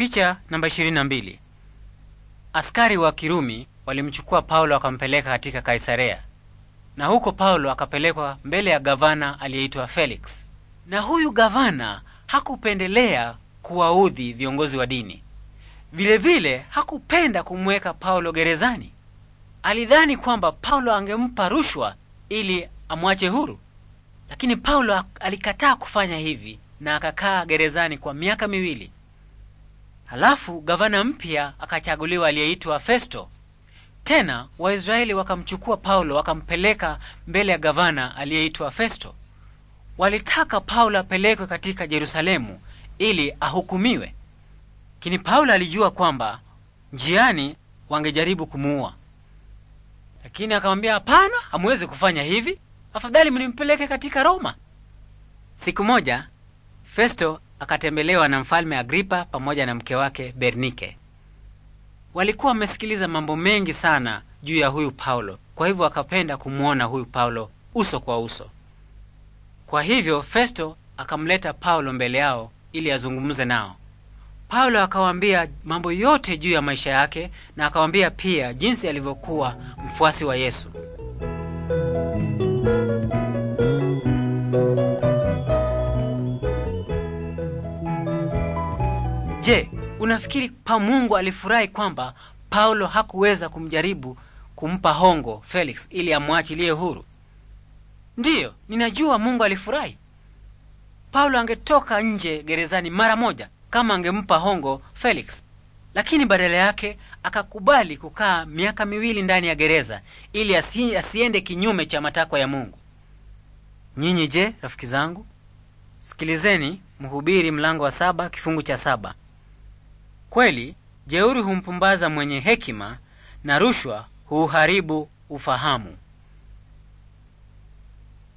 Picha namba 22. Askari wa Kirumi walimchukua Paulo akampeleka katika Kaisarea, na huko Paulo akapelekwa mbele ya gavana aliyeitwa Felix, na huyu gavana hakupendelea kuwaudhi viongozi wa dini. Vilevile vile, hakupenda kumweka Paulo gerezani. Alidhani kwamba Paulo angempa rushwa ili amwache huru, lakini Paulo alikataa kufanya hivi na akakaa gerezani kwa miaka miwili. Halafu gavana mpya akachaguliwa aliyeitwa Festo. Tena Waisraeli wakamchukua Paulo wakampeleka mbele ya gavana aliyeitwa Festo. Walitaka Paulo apelekwe katika Yerusalemu ili ahukumiwe, lakini Paulo alijua kwamba njiani wangejaribu kumuua, lakini akamwambia, hapana, hamuwezi kufanya hivi, afadhali mnimpeleke katika Roma. Siku moja Festo akatembelewa na mfalme Agripa pamoja na mke wake Bernike. Walikuwa wamesikiliza mambo mengi sana juu ya huyu Paulo, kwa hivyo akapenda kumwona huyu Paulo uso kwa uso. Kwa hivyo Festo akamleta Paulo mbele yao ili azungumze nao. Paulo akawaambia mambo yote juu ya maisha yake na akawaambia pia jinsi alivyokuwa mfuasi wa Yesu. Je, unafikiri pa mungu alifurahi kwamba Paulo hakuweza kumjaribu kumpa hongo Felix ili amwachilie huru? Ndiyo, ninajua Mungu alifurahi. Paulo angetoka nje gerezani mara moja kama angempa hongo Felix, lakini badala yake akakubali kukaa miaka miwili ndani ya gereza ili asi, asiende kinyume cha matakwa ya Mungu. Nyinyi je, rafiki zangu? Sikilizeni Mhubiri mlango wa saba kifungu cha saba Kweli jeuri humpumbaza mwenye hekima na rushwa huuharibu ufahamu.